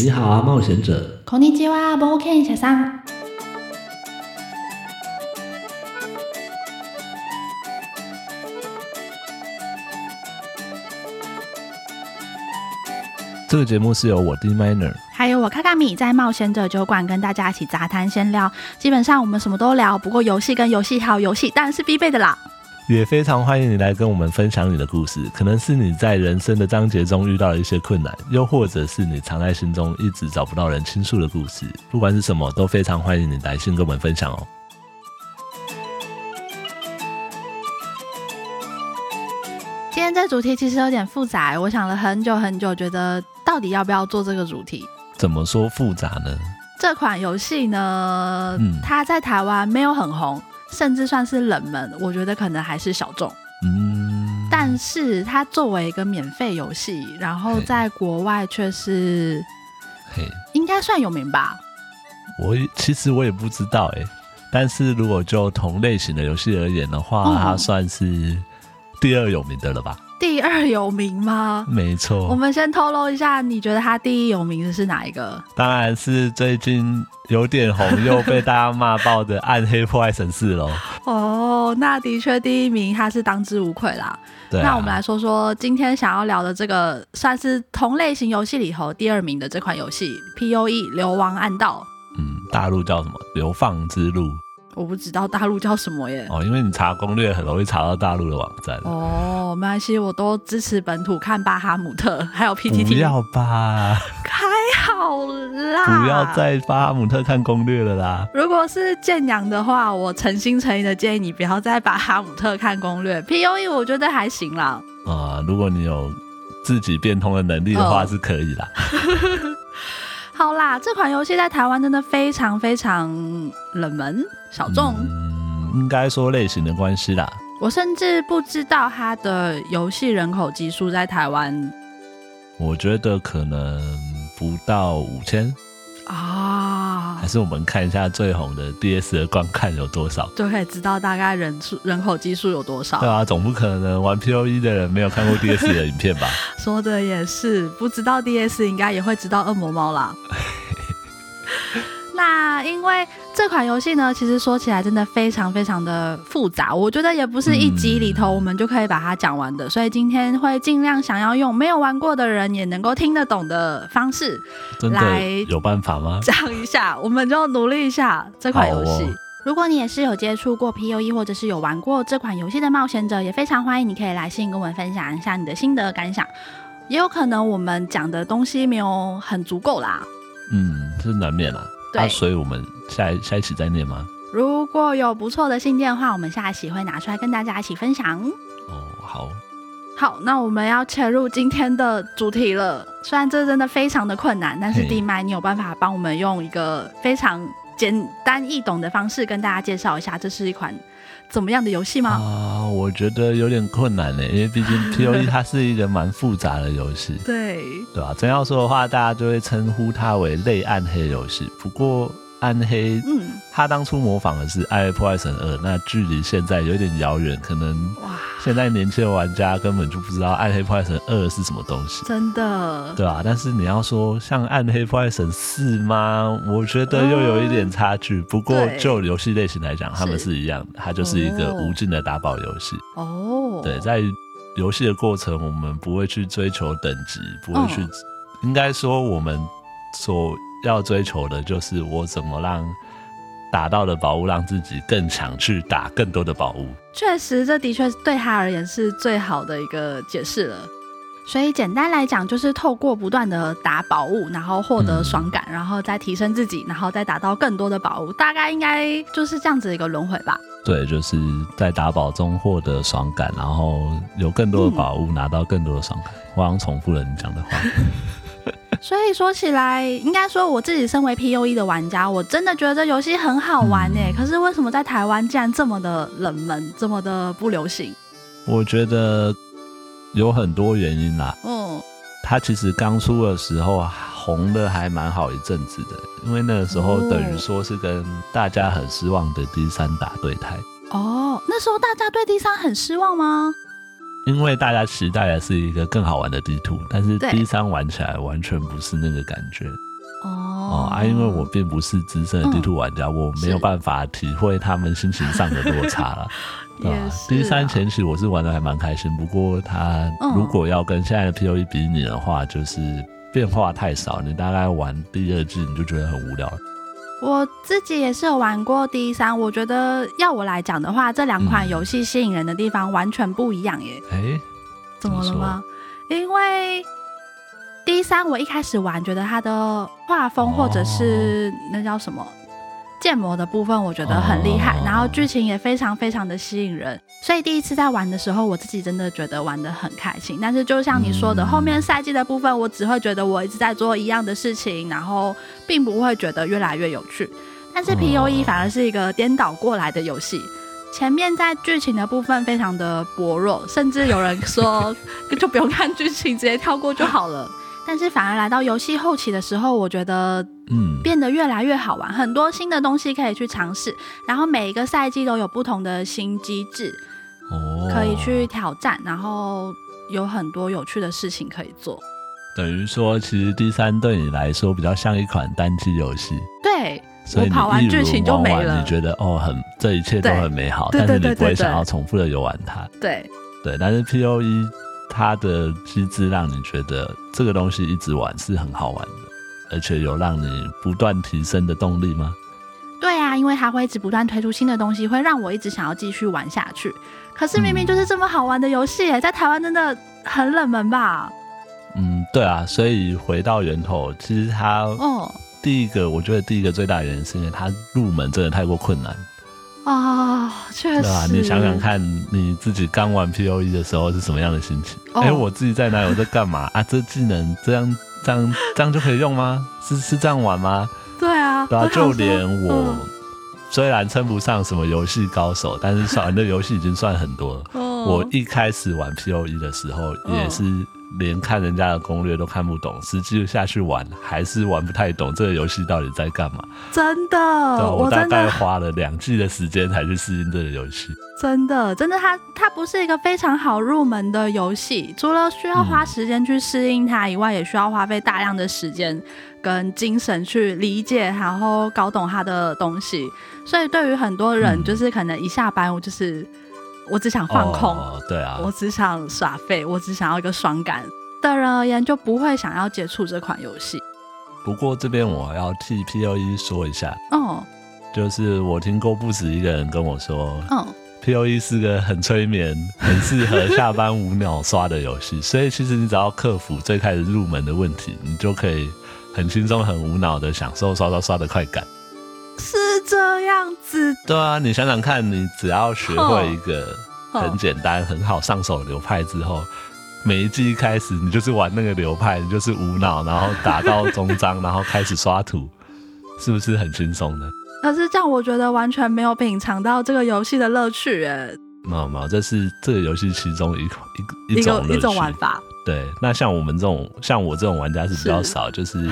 你好啊，冒險者。こんにちは、冒険者さん。這個節目是由我 D Miner，還有我卡卡米在冒險者酒館跟大家一起雜談閒聊，基本上我們什麼都聊，不過遊戲跟遊戲還有遊戲當然是必備的啦。也非常歡迎你來跟我們分享你的故事，可能是你在人生的章節中遇到了一些困難，又或者是你藏在心中一直找不到人傾訴的故事。不管是什麼，都非常歡迎你來信跟我們分享哦。今天這主題其實有點複雜，欸，我想了很久很久，覺得到底要不要做這個主題？怎麼說複雜呢？這款遊戲呢，嗯、它在台灣沒有很紅。甚至算是冷門，我覺得可能還是小眾。嗯，但是它作為一個免費遊戲，然後在國外卻是，嘿，應該算有名吧。我其實我也不知道哎，欸，但是如果就同類型的遊戲而言的話，嗯，它算是第二有名的了吧。第二有名嗎？沒錯錯，我們先透露一下，你覺得他第一有名的是哪一個？當然是最近有點紅 又被大家罵爆的《暗黑破壞神四》嘍。哦，那的確第一名他是當之無愧啦。對啊，那我們來說說今天想要聊的這個，算是同類型遊戲裡頭第二名的這款遊戲《POE 流亡暗道》。嗯，大陸叫什麼？流放之路。我不知道大陸叫什麼耶。哦，因為你查攻略很容易查到大陸的網站。哦，沒關係，我都支持本土看巴哈姆特，還有 PTT。不要吧，還好啦。不要再巴哈姆特看攻略了啦。如果是建陽的話，我誠心誠意的建議你不要再巴哈姆特看攻略，POE 我覺得還行啦。啊、呃，如果你有自己變通的能力的話，是可以啦、哦 好啦，這款遊戲在台灣真的非常非常冷門小眾，嗯，應該說類型的關係啦。我甚至不知道它的遊戲人口基數在台灣，我覺得可能不到五千啊。哦。還是我們看一下最紅的 DS 的觀看有多少，就可以知道大概人數人口基數有多少。對啊，總不可能玩 POE 的人沒有看過 DS 的影片吧？ 說的也是，不知道 DS 應該也會知道惡魔貓啦。 因為這款遊戲呢，其實說起來真的非常非常的複雜，我覺得也不是一集裡頭我們就可以把它講完的，嗯、所以今天會盡量想要用沒有玩過的人也能夠聽得懂的方式來講，真的有辦法嗎？講一下，我們就努力一下這款遊戲。哦、如果你也是有接觸過 POE 或者是有玩過這款遊戲的冒險者，也非常歡迎你可以來信跟我們分享一下你的心得感想，也有可能我們講的東西沒有很足夠啦，嗯，這是難免啦、啊。那對、啊、所以我們下一下一期再念嗎？如果有不錯的信件的話，我們下一期會拿出來跟大家一起分享。哦，好，好，那我們要切入今天的主題了。雖然這真的非常的困難，但是弟麥，你有辦法幫我們用一個非常簡單易懂的方式跟大家介紹一下，這是一款。怎麼樣的遊戲嗎？啊，uh, 我覺得有點困難嘞、欸，因為畢竟 POE 它是一個蠻複雜的遊戲， 對對吧、啊？真要說的話，大家都會稱呼它為類暗黑遊戲。不過。暗黑，嗯，他當初模仿的是《暗黑破壞神二》，那距離現在有點遙遠，可能現在年輕的玩家根本就不知道《暗黑破壞神二》是什麼東西，真的，對啊，但是你要說像《暗黑破壞神四》嗎？我覺得又有一點差距。嗯、不過就遊戲類型來講，對他們是一樣的，它就是一個無盡的打寶遊戲。哦，對，在遊戲的過程，我們不會去追求等級，不會去，哦、應該說我們所。要追求的就是我怎麼讓打到的寶物讓自己更強，去打更多的寶物。確實，這的確對他而言是最好的一個解釋了。所以簡單來講，就是透過不斷的打寶物，然後獲得爽感，嗯、然後再提升自己，然後再打到更多的寶物。大概應該就是這樣子一個輪迴吧。對，就是在打寶中獲得爽感，然後有更多的寶物、嗯、拿到更多的爽感。我重複了你講的話。 所以說起來，應該說我自己身為 POE 的玩家，我真的覺得這遊戲很好玩呢。嗯、可是為什麼在台灣竟然這麼的冷門，這麼的不流行？我覺得有很多原因啦、啊。嗯，它其實剛出的時候紅的還蠻好一陣子的，因為那個時候等於說是跟大家很失望的 D 三打對台。哦，那時候大家對 D 三很失望嗎？因為大家期待的是一個更好玩的 D 2，但是 D 三玩起來完全不是那個感覺。哦對，啊，因為我並不是資深的 D 2玩家，嗯、我沒有辦法體會他們心情上的落差了。是 啊，啊，D 三前期我是玩的還蠻開心，不過他如果要跟現在的 P O E 比擬的話，就是變化太少，你大概玩第二季你就覺得很無聊了。我自己也是有玩過《D 三》，我覺得要我來講的話，這兩款遊戲吸引人的地方完全不一樣耶。哎、嗯，誒？怎麼了嗎？因為《D 三》，我一開始玩覺得它的畫風或者是那叫什麼。哦建模的部分我覺得很厲害，然後劇情也非常非常的吸引人，所以第一次在玩的時候，我自己真的覺得玩得很開心。但是就像你說的，後面賽季的部分，我只會覺得我一直在做一樣的事情，然後並不會覺得越來越有趣。但是 POE 反而是一個顛倒過來的遊戲，前面在劇情的部分非常的薄弱，甚至有人說就不用看劇情， 直接跳過就好了。但是反而來到遊戲後期的時候，我覺得。嗯，變得越來越好玩，很多新的東西可以去嘗試，然後每一個賽季都有不同的新機制，哦，可以去挑戰，然後有很多有趣的事情可以做。等於說，其實第三對你來說比較像一款單機遊戲，對，所以跑完劇情就沒了，你覺得哦，很這一切都很美好，對但是你不會想要重複的遊玩它。對對，但是 POE 它的機制讓你覺得這個東西一直玩是很好玩的。而且有讓你不斷提升的動力嗎？對啊，因為它會一直不斷推出新的東西，會讓我一直想要繼續玩下去。可是明明就是這麼好玩的遊戲耶、嗯、在台灣真的很冷門吧？嗯，對啊。所以回到源頭，其實它，哦，第一個、oh. 我覺得第一個最大的原因是因為它入門真的太過困難哦，確、oh, 實。啊。你想想看，你自己剛玩 P O E 的時候是什麼樣的心情？哎、oh. 欸，我自己在哪？我在幹嘛 啊？這技能這樣。這樣這樣就可以用嗎？是是這樣玩嗎？對啊，對啊，就連我雖然稱不上什麼遊戲高手，嗯、但是玩的遊戲已經算很多了。 我一開始玩 P O E 的時候也是。連看人家的攻略都看不懂，實際下去玩還是玩不太懂這個遊戲到底在幹嘛？真的，啊，我大概花了兩季的時間才去適應這個遊戲。真的，真的，它它不是一個非常好入門的遊戲，除了需要花時間去適應它以外，也需要花費大量的時間跟精神去理解，然後搞懂它的東西。所以對於很多人，嗯，就是可能一下班，我就是。我只想放空，oh，對啊，我只想耍廢，我只想要一個爽感當然而言，就不會想要接觸這款遊戲。不過這邊我要替 POE 說一下，哦，oh。就是我聽過不止一個人跟我說，嗯，POE 是個很催眠、很適合下班無腦刷的遊戲， 所以其實你只要克服最開始入門的問題，你就可以很輕鬆、很無腦的享受刷刷刷刷的快感。這樣子，對啊，你想想看，你只要學會一個很簡單、很好上手的流派之後，每一季一開始你就是玩那個流派，你就是無腦，然後打到終章， 然後開始刷圖，是不是很輕鬆呢？可是這樣，我覺得完全沒有品嘗到這個遊戲的樂趣誒、欸。沒有沒有，這是這個遊戲其中一一,一,一個一種一種玩法。對，那像我們這種像我這種玩家，是比較少，是 就是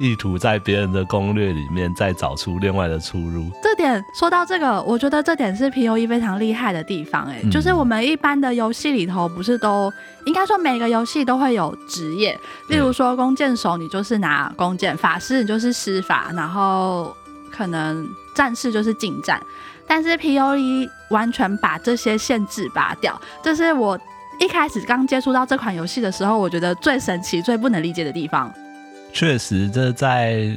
意圖在別人的攻略裡面再找出另外的出入。這點，說到這個，我覺得這點是 P O E 非常厲害的地方，欸，哎、嗯，就是我們一般的遊戲裡頭不是都應該說每個遊戲都會有職業，例如說弓箭手你就是拿弓箭，法師你就是施法，然後可能戰士就是近戰，但是 P O E 完全把這些限制拔掉，這是我。一開始剛接觸到這款遊戲的時候，我覺得最神奇、最不能理解的地方。確實，這在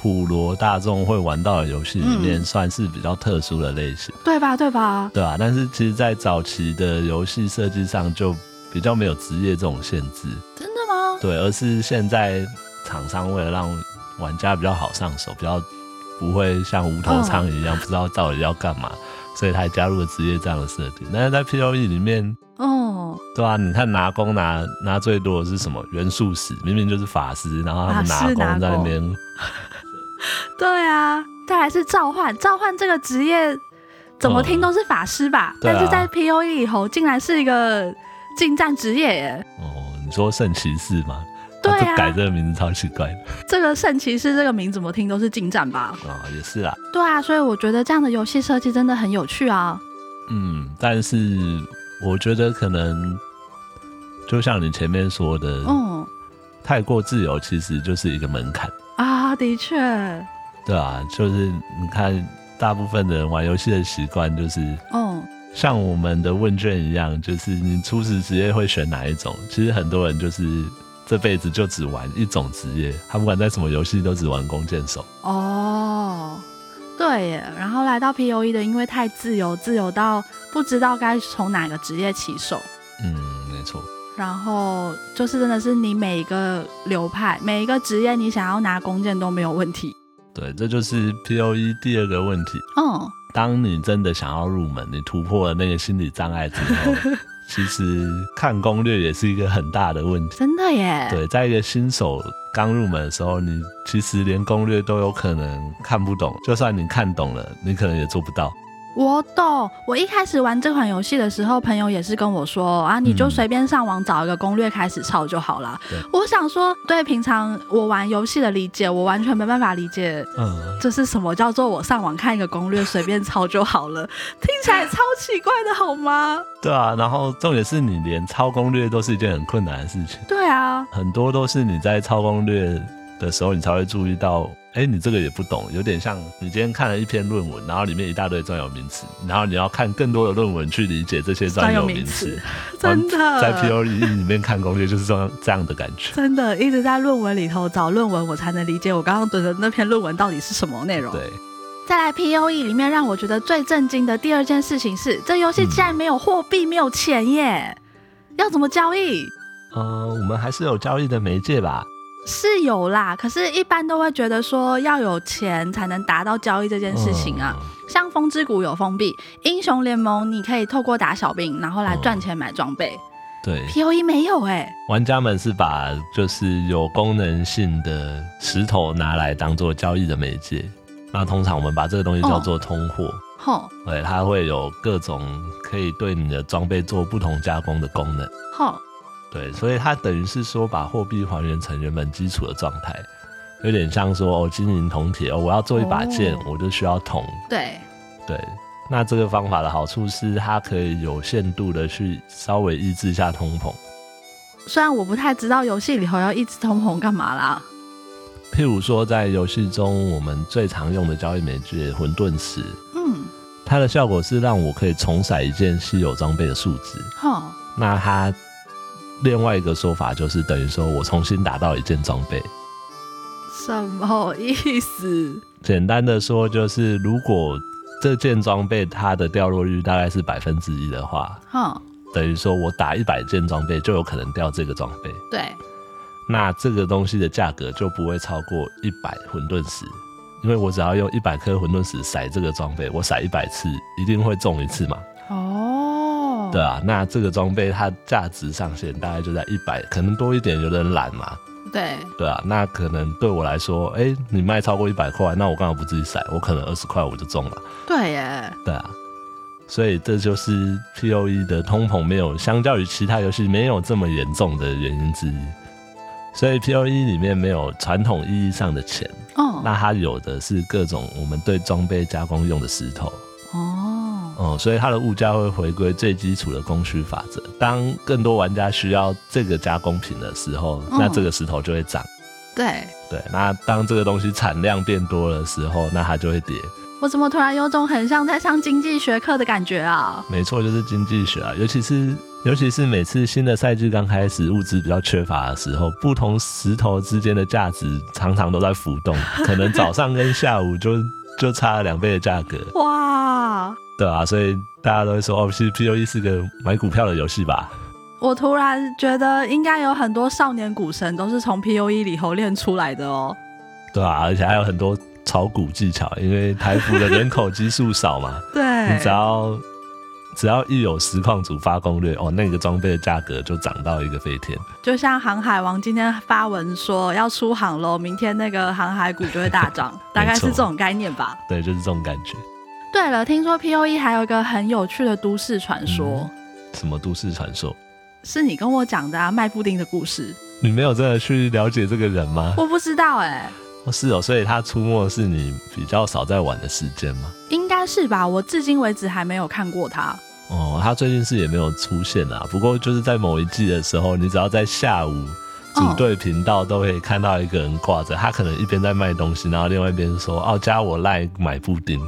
普羅大眾會玩到的遊戲裡面算是比較特殊的類型，嗯、對吧？對吧？對吧、啊？但是其實，在早期的遊戲設計上，就比較沒有職業這種限制。真的嗎？對，而是現在廠商為了讓玩家比較好上手，比較不會像無頭蒼蠅一樣、哦、不知道到底要幹嘛，所以才加入了職業這樣的設定。但是在 P O E 裡面。哦，對啊，你看拿弓拿拿最多的是什麼？元素師明明就是法師，然後他們拿弓在那邊。 對啊，再來是召喚，召喚這個職業怎麼聽都是法師吧？哦啊、但是在 POE 以後竟然是一個近戰職業耶。哦，你說聖騎士嗎？對啊，改這個名字超奇怪的、啊。這個聖騎士這個名字怎麼聽都是近戰吧？啊、哦，也是啊。對啊，所以我覺得這樣的遊戲設計真的很有趣啊。嗯，但是。我覺得可能就像你前面說的，嗯，太過自由其實就是一個門檻啊。的確，對啊，就是你看，大部分的人玩遊戲的習慣就是，嗯，像我們的問卷一樣，就是你初始職業會選哪一種？其實很多人就是這輩子就只玩一種職業，他不管在什麼遊戲都只玩弓箭手哦。對耶，然後來到 P O E 的，因為太自由，自由到不知道該從哪個職業起手。嗯，沒錯。然後就是真的是你每一個流派、每一個職業，你想要拿弓箭都沒有問題。對，這就是 P O E 第二個問題。嗯，當你真的想要入門，你突破了那個心理障礙之後。 其實看攻略也是一個很大的問題，真的耶。對，在一個新手剛入門的時候，你其實連攻略都有可能看不懂，就算你看懂了，你可能也做不到。我懂，我一開始玩這款遊戲的時候，朋友也是跟我說：“啊，你就隨便上網找一個攻略開始抄就好了。”嗯，我想說，對平常我玩遊戲的理解，我完全沒辦法理解，嗯，這是什麼叫做我上網看一個攻略隨便抄就好了，嗯，聽起來超奇怪的，好嗎？對啊，然後重點是你連抄攻略都是一件很困難的事情。對啊，很多都是你在抄攻略的時候，你才會注意到。哎、欸，你這個也不懂，有點像你今天看了一篇論文，然後裡面一大堆專有名詞，然後你要看更多的論文去理解這些專有名詞。真的，在 POE 裡面看攻略就是這樣這樣的感覺。真的，一直在論文裡頭找論文，我才能理解我剛剛讀的那篇論文到底是什麼內容。對，再來 POE 裡面，讓我覺得最震驚的第二件事情是，這遊戲竟然沒有貨幣，沒有錢耶，嗯、要怎麼交易？呃，我們還是有交易的媒介吧。是有啦，可是，一般都會覺得說要有錢才能達到交易這件事情啊。嗯、像《楓之谷》有楓幣，《英雄聯盟》你可以透過打小兵然後來賺錢買裝備。嗯、對，POE 沒有哎、欸。玩家們是把就是有功能性的石頭拿來當做交易的媒介，那通常我們把這個東西叫做通貨。好、哦，哦、對，它會有各種可以對你的裝備做不同加工的功能。好、哦。對，所以它等於是說把貨幣還原成原本基礎的狀態，有點像說哦，金銀銅鐵哦，我要做一把劍，哦、我就需要銅。對對，那這個方法的好處是，它可以有限度的去稍微抑制一下通膨。雖然我不太知道遊戲裡頭要抑制通膨幹嘛啦。譬如說在，在遊戲中我們最常用的交易媒介混沌石，嗯，它的效果是讓我可以重骰一件稀有裝備的數值。嗯、那它。另外一個說法就是等於說我重新打到一件裝備，什麼意思？簡單的說就是，如果這件裝備它的掉落率大概是百分之一的話，等於說我打一百件裝備就有可能掉這個裝備。對，那這個東西的價格就不會超過一百混沌石，因為我只要用一百顆混沌石篩這個裝備，我篩一百次一定會中一次嘛。對啊，那這個裝備它價值上限大概就在一百，可能多一點，有點懶嘛。對，對啊，那可能對我來說，哎、欸，你賣超過一百塊，那我剛好不自己骰？我可能二十塊我就中了。對耶，對啊，所以這就是 P O E 的通膨沒有，相較於其他遊戲沒有這麼嚴重的原因之一。所以 P O E 裡面沒有傳統意義上的錢，哦、那它有的是各種我們對裝備加工用的石頭。哦、嗯，所以它的物價會回歸最基礎的供需法則。當更多玩家需要這個加工品的時候，嗯、那這個石頭就會漲；對對，那當這個東西產量變多的時候，那它就會跌。我怎麼突然有種很像在上經濟學課的感覺啊？沒錯，就是經濟學啊，尤其是尤其是每次新的賽季剛開始，物資比較缺乏的時候，不同石頭之間的價值常常都在浮動， 可能早上跟下午就就差了兩倍的價格。哇！對啊，所以大家都會說哦，是 POE 是個買股票的遊戲吧？我突然覺得應該有很多少年股神都是從 POE 裡頭練出來的哦。對啊，而且還有很多炒股技巧，因為台服的人口基數少嘛。 對。你只要只要一有實況主發攻略，哦，那個裝備的價格就漲到一個飛天。就像航海王今天發文說要出航嘍，明天那個航海股就會大漲， 錯大概是這種概念吧？對，就是這種感覺。對了，聽說 POE 還有一個很有趣的都市傳說，嗯、什麼都市傳說？是你跟我講的啊，賣布丁的故事。你沒有真的去了解這個人嗎？我不知道哎、欸。是哦，所以他出沒是你比較少在玩的時間嗎？應該是吧。我至今為止還沒有看過他。哦，他最近是也沒有出現啦、啊。不過就是在某一季的時候，你只要在下午組隊頻道都可以看到一個人掛着，哦、他可能一邊在賣東西，然後另外一邊說：“哦，加我來買布丁。”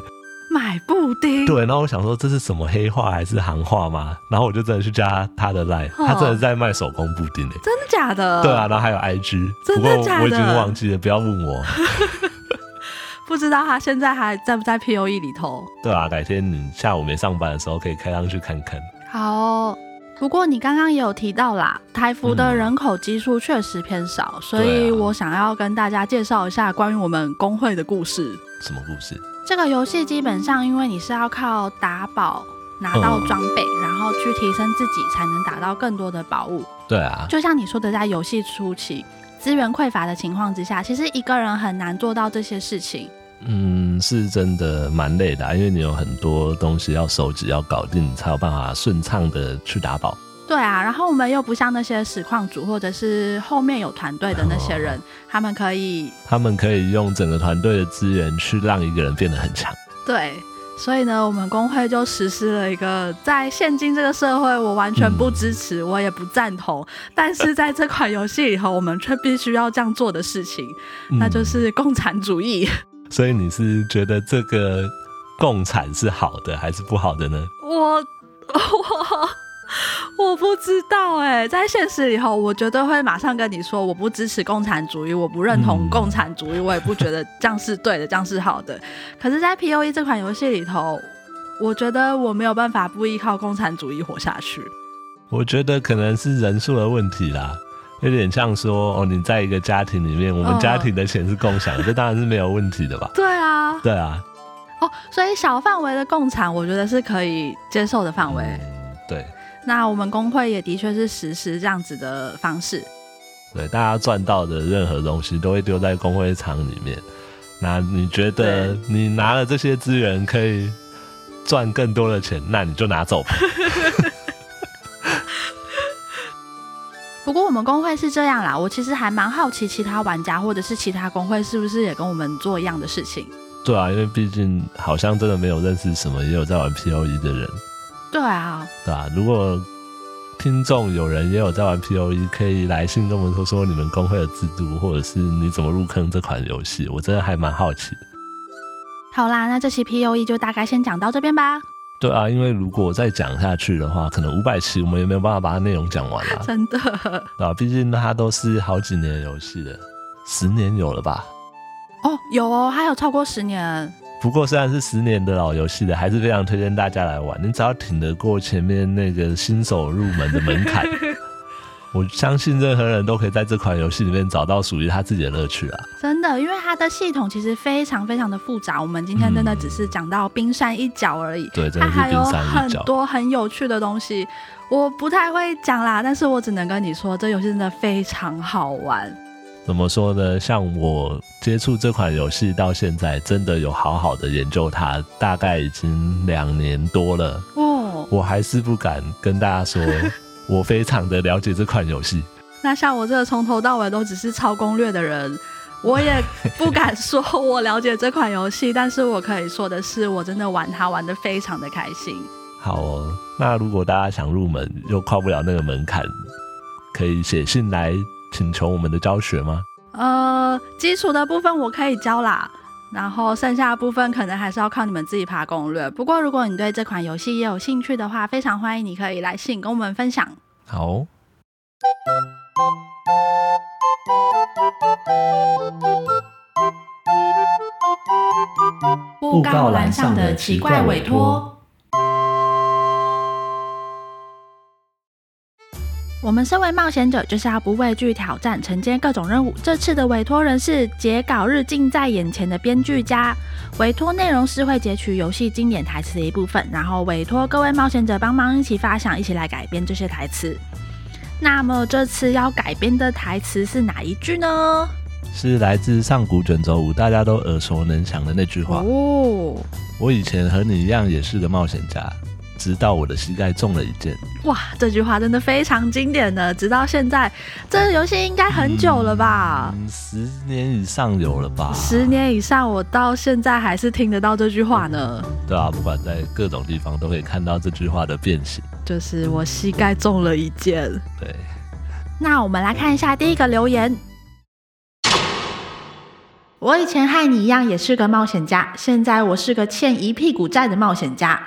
買布丁，對，然後我想說，這是什麼黑話還是行話嗎？然後我就真的去加他的 line，呵他真的在賣手工布丁。欸，真的假的？對啊，然後還有 i g，真的假的？不過我，我已經忘記了，不要問我。 不知道他現在還在不在 p o e 裡頭？對啊，改天你下午沒上班的時候可以開上去看看。好。哦，不過你剛剛也有提到啦，台服的人口基數確實偏少。嗯，所以我想要跟大家介紹一下關於我們公會的故事。什麼故事？這個遊戲基本上，因為你是要靠打寶拿到裝備，嗯、然後去提升自己，才能打到更多的寶物。對啊，就像你說的，在遊戲初期資源匱乏的情況之下，其實一個人很難做到這些事情。嗯，是真的蠻累的，啊，因為你有很多東西要收集，要搞定，才有辦法順暢的去打寶。對啊，然後我們又不像那些實況組或者是後面有團隊的那些人，哦哦哦，他們可以，他們可以用整個團隊的資源去讓一個人變得很強。對，所以呢，我們工會就實施了一個在現今這個社會，我完全不支持，嗯、我也不贊同，但是在這款遊戲裡頭，我們卻必須要這樣做的事情，嗯、那就是共產主義。所以你是覺得這個共產是好的還是不好的呢？我我。我我不知道哎、欸，在現實裡頭，我絕對會馬上跟你說，我不支持共產主義，我不認同共產主義，嗯啊、我也不覺得這樣是對的， 這樣是好的。可是，在 POE 這款遊戲裡頭，我覺得我沒有辦法不依靠共產主義活下去。我覺得可能是人數的問題啦，有點像說哦，你在一個家庭裡面，我們家庭的錢是共享的，呃、這當然是沒有問題的吧？對啊，對啊。哦，所以小範圍的共產，我覺得是可以接受的範圍、嗯。對。那我們工會也的確是實施這樣子的方式，對，大家賺到的任何東西都會丟在工會場裡面。那你覺得你拿了這些資源可以賺更多的錢，那你就拿走吧。 不過我們工會是這樣啦，我其實還蠻好奇其他玩家或者是其他工會是不是也跟我們做一樣的事情。對啊，因為畢竟好像真的沒有認識什麼也有在玩 POE 的人。對啊，對啊，如果聽眾有人也有在玩 POE，可以來信跟我們說說你們公會的制度，或者是你怎麼入坑這款遊戲，我真的還蠻好奇。好啦，那這期 POE 就大概先講到這邊吧。對啊，因為如果再講下去的話，可能五百期我們也沒有辦法把它內容講完了啊。 真的。對啊，畢竟它都是好幾年遊戲了，十年有了吧？哦，有哦，還有超過十年。不過，雖然是十年的老遊戲了，還是非常推薦大家來玩。你只要挺得過前面那個新手入門的門檻， 我相信任何人都可以在這款遊戲裡面找到屬於他自己的樂趣啊！真的，因為它的系統其實非常非常的複雜，我們今天真的只是講到冰山一角而已。嗯、對，真的是冰山一角。它還有很多很有趣的東西，我不太會講啦。但是我只能跟你說，這遊戲真的非常好玩。怎麼說呢？像我接觸這款遊戲到現在，真的有好好的研究它，大概已經兩年多了。哦，oh. 我還是不敢跟大家說，我非常的了解這款遊戲。 那像我這個從頭到尾都只是抄攻略的人，我也不敢說我了解這款遊戲， 但是我可以說的是，我真的玩它玩得非常的開心。好哦，那如果大家想入門，又跨不了那個門檻，可以寫信來。請求我們的教學嗎？呃，基礎的部分我可以教啦，然後剩下的部分可能還是要靠你們自己爬攻略。不過如果你對這款遊戲也有興趣的話，非常歡迎你可以來信跟我們分享。好。布告欄上的奇怪委託。我們身為冒險者，就是要不畏懼挑戰，承接各種任務。這次的委托人是截稿日近在眼前的編劇家，委托內容是會截取遊戲經典台詞的一部分，然後委托各位冒險者幫忙一起發想，一起來改編這些台詞。那麼這次要改編的台詞是哪一句呢？是來自上古卷軸五，大家都耳熟能詳的那句話。哦，我以前和你一樣也是個冒險家。直到我的膝蓋中了一箭！哇，這句話真的非常經典呢。直到現在，這個遊戲應該很久了吧、嗯嗯？十年以上有了吧？十年以上，我到現在還是聽得到這句話呢、嗯。對啊，不管在各種地方都可以看到這句話的變形。就是我膝蓋中了一箭。對，那我們來看一下第一個留言。我以前和你一樣也是個冒險家，現在我是個欠一屁股債的冒險家。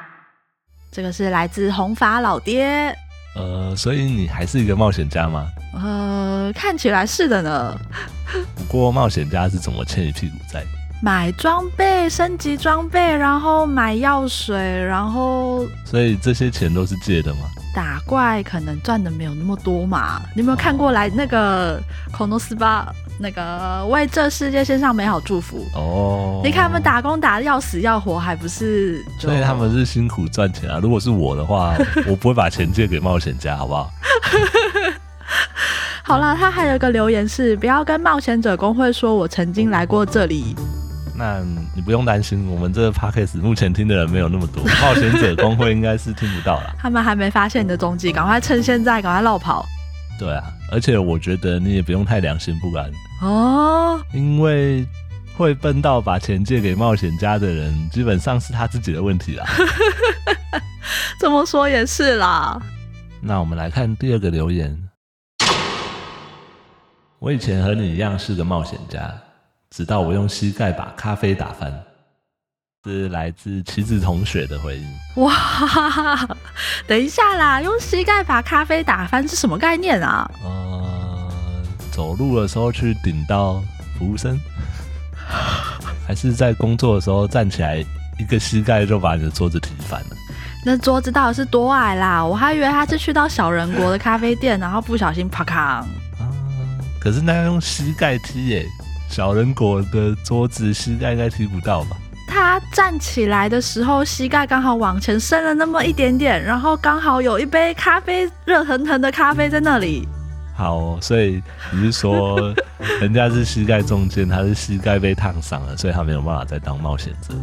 這個是來自紅髮老爹。呃，所以你還是一個冒險家嗎？呃，看起來是的呢。 不過冒險家是怎麼欠一屁股債？買裝備、升級裝備，然後買藥水，然後……所以這些錢都是借的嗎？打怪可能賺的沒有那麼多嘛。你有沒有看過來那個恐龍 SPA？哦那個為這世界獻上美好祝福哦！Oh, 你看他們打工打的要死要活，還不是，所以他們是辛苦賺錢啊。如果是我的話， 我不會把錢借給冒險家，好不好？ 好啦，他還有一個留言是：不要跟冒險者工會說我曾經來過這裡。那你不用擔心，我們這個 podcast 目前聽的人沒有那麼多，冒險者工會應該是聽不到了。 他們還沒發現你的蹤跡，趕快趁現在，趕快落跑。對啊，而且我覺得你也不用太良心不安啊，哦、因為會笨到把錢借給冒險家的人，基本上是他自己的問題啦、啊。 這麼說也是啦。那我們來看第二個留言。我以前和你一樣是個冒險家，直到我用膝蓋把咖啡打翻。是來自妻子同學的回憶。哇，等一下啦！用膝蓋把咖啡打翻是什麼概念啊？哦、呃，走路的時候去頂到服務生，還是在工作的時候站起來一個膝蓋就把你的桌子踢翻了？那桌子到底是多矮啦？我還以為他是去到小人國的咖啡店，然後不小心啪扛啊、呃！可是那要用膝蓋踢耶、欸，小人國的桌子膝蓋應該踢不到吧？他站起來的時候，膝蓋剛好往前伸了那麼一點點，然後剛好有一杯咖啡，熱騰騰的咖啡在那裡。好哦，所以你是說，人家是膝蓋中間， 他是膝蓋被燙傷了，所以他沒有辦法再當冒險者。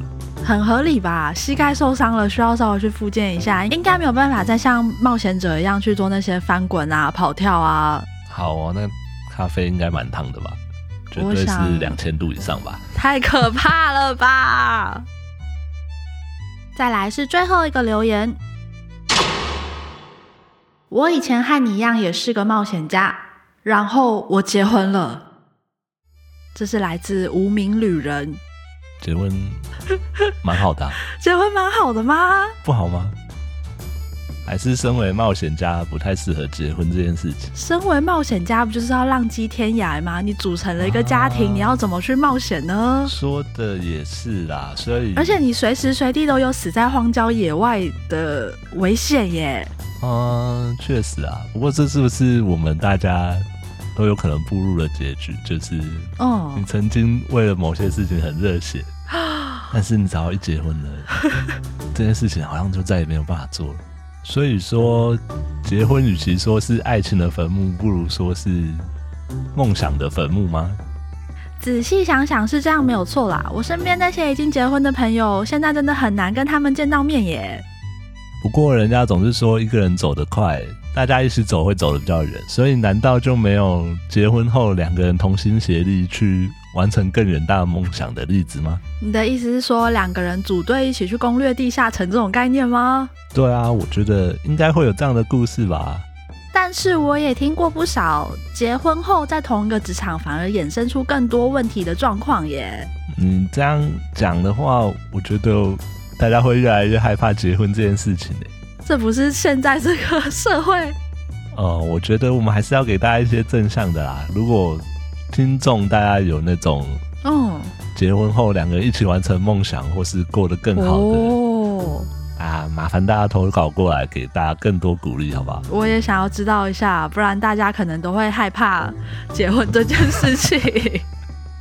很合理吧？膝蓋受傷了，需要稍微去復健一下，應該沒有辦法再像冒險者一樣去做那些翻滾啊、跑跳啊。好哦，那咖啡應該蠻燙的吧？絕對是兩千度以上吧！太可怕了吧！ 再來是最後一個留言，我以前和你一樣也是個冒險家，然後我結婚了。這是來自無名旅人。結婚？蠻好的啊。 結婚蠻好的嗎？不好嗎？還是身為冒險家不太適合結婚這件事情。身為冒險家不就是要浪跡天涯嗎？你組成了一個家庭，啊、你要怎麼去冒險呢？說的也是啦，所以而且你隨時隨地都有死在荒郊野外的危險耶。嗯、啊，確實啊。不過這是不是我們大家都有可能步入的結局？就是，嗯，你曾經為了某些事情很熱血，嗯、但是你只要一結婚了， 這件事情好像就再也沒有辦法做了。所以說，結婚與其說是愛情的墳墓，不如說是夢想的墳墓嗎？仔細想想是這樣沒有錯啦。我身邊那些已經結婚的朋友，現在真的很難跟他們見到面耶。不過人家總是說一個人走得快，大家一起走會走得比較遠，所以難道就沒有結婚後兩個人同心協力去完成更遠大的夢想的日子嗎？你的意思是說兩個人組隊一起去攻略地下城這種概念嗎？對啊，我覺得應該會有這樣的故事吧。但是我也聽過不少結婚後在同一個職場反而衍生出更多問題的狀況耶。嗯，這樣講的話，我覺得大家會越來越害怕結婚這件事情。這不是現在這個社會。呃，我覺得我們還是要給大家一些正向的啦。如果聽眾，大家有那種嗯，結婚後兩個人一起完成夢想，或是過得更好哦啊，麻煩大家投稿過來，給大家更多鼓勵，好不好？我也想要知道一下，不然大家可能都會害怕結婚這件事情。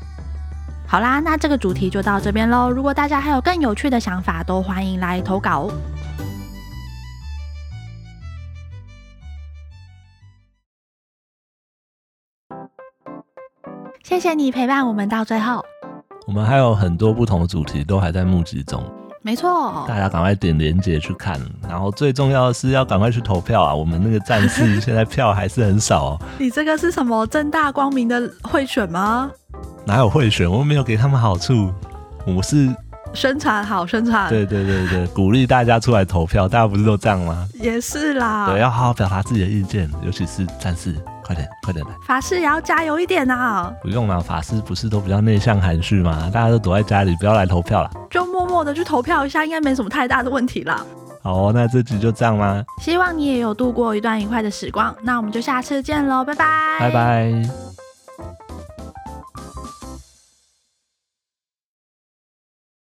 好啦，那這個主題就到這邊嘍。如果大家還有更有趣的想法，都歡迎來投稿。謝謝你陪伴我們到最後。我們還有很多不同的主題都還在募集中。沒錯錯，大家趕快點連結，去看，然後最重要的是要趕快去投票啊！我們那個戰士現在票還是很少，喔。 你這個是什麼正大光明的賄選嗎？哪有賄選？我沒有給他們好處，我是。宣傳好，宣傳！對對對對，鼓勵大家出來投票， 大家不是都這樣嗎？也是啦，對，要好好表達自己的意見，尤其是戰士，快點，快點來！法師也要加油一點啊。不用啦，法師不是都比較內向含蓄嗎？大家都躲在家裡，不要來投票啦，就默默的去投票一下，應該沒什麼太大的問題啦。好，那這集就這樣嗎？希望你也有度過一段愉快的時光，那我們就下次見嘍，拜拜，拜拜。